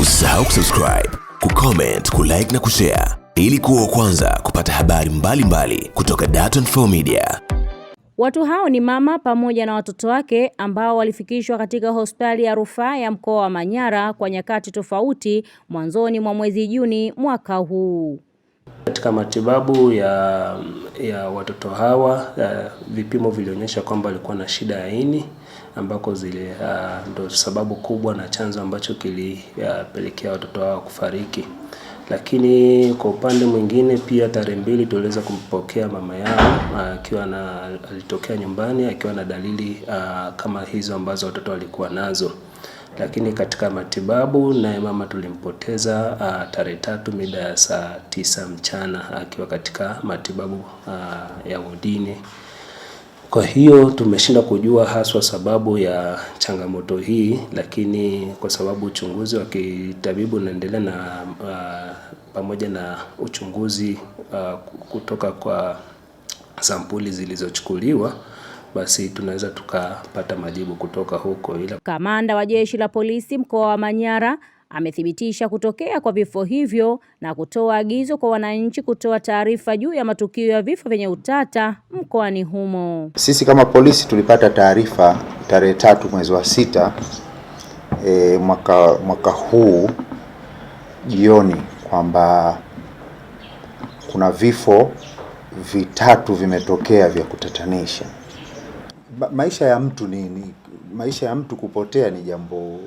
Usisahau kusubscribe, kucomment, kulike na kushare ili kuwa kwanza kupata habari mbalimbali mbali kutoka Dar24 Media. Watu hao ni mama pamoja na watoto wake ambao walifikishwa katika hospitali ya rufaa ya mkoa wa Manyara kwa nyakati tofauti mwanzoni mwa mwezi Juni mwaka huu. Katika matibabu ya, ya watoto hawa ya, vipimo vilionyesha kwamba walikuwa na shida ya ini ambako zile uh, ndo sababu kubwa na chanzo ambacho kilipelekea watoto hawa kufariki. Lakini kwa upande mwingine pia, tarehe mbili tuliweza kumpokea mama yao ah, akiwa na alitokea nyumbani akiwa na dalili uh, kama hizo ambazo watoto walikuwa nazo lakini katika matibabu naye mama tulimpoteza ah, tarehe tatu mida ya saa tisa mchana akiwa katika matibabu a, ah, ya wodini. Kwa hiyo tumeshindwa kujua haswa sababu ya changamoto hii, lakini kwa sababu uchunguzi wa kitabibu unaendelea na a, ah, pamoja na uchunguzi a, kutoka kwa sampuli zilizochukuliwa basi tunaweza tukapata majibu kutoka huko. Ila kamanda wa jeshi la polisi mkoa wa Manyara amethibitisha kutokea kwa vifo hivyo na kutoa agizo kwa wananchi kutoa taarifa juu ya matukio ya vifo vyenye utata mkoani humo. Sisi kama polisi tulipata taarifa tarehe tatu mwezi wa sita e, mwaka, mwaka huu jioni kwamba kuna vifo vitatu vimetokea vya kutatanisha ma maisha ya mtu ni, ni maisha ya mtu kupotea ni jambo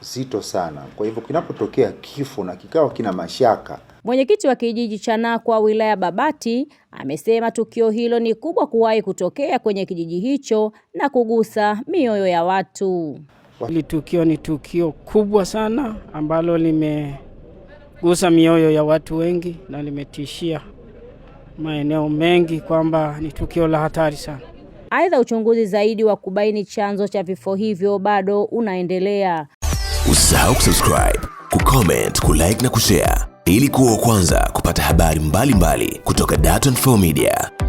zito sana. Kwa hivyo kinapotokea kifo na kikawa kina mashaka. Mwenyekiti wa kijiji cha Nakwa wilaya Babati amesema tukio hilo ni kubwa kuwahi kutokea kwenye kijiji hicho na kugusa mioyo ya watu. Hili tukio ni tukio kubwa sana ambalo limegusa mioyo ya watu wengi na limetishia maeneo mengi kwamba ni tukio la hatari sana. Aidha, uchunguzi zaidi wa kubaini chanzo cha vifo hivyo bado unaendelea. Usisahau kusubscribe, kucomment, kulike na kushare ili kuwa wa kwanza kupata habari mbalimbali mbali kutoka Dar24 Media.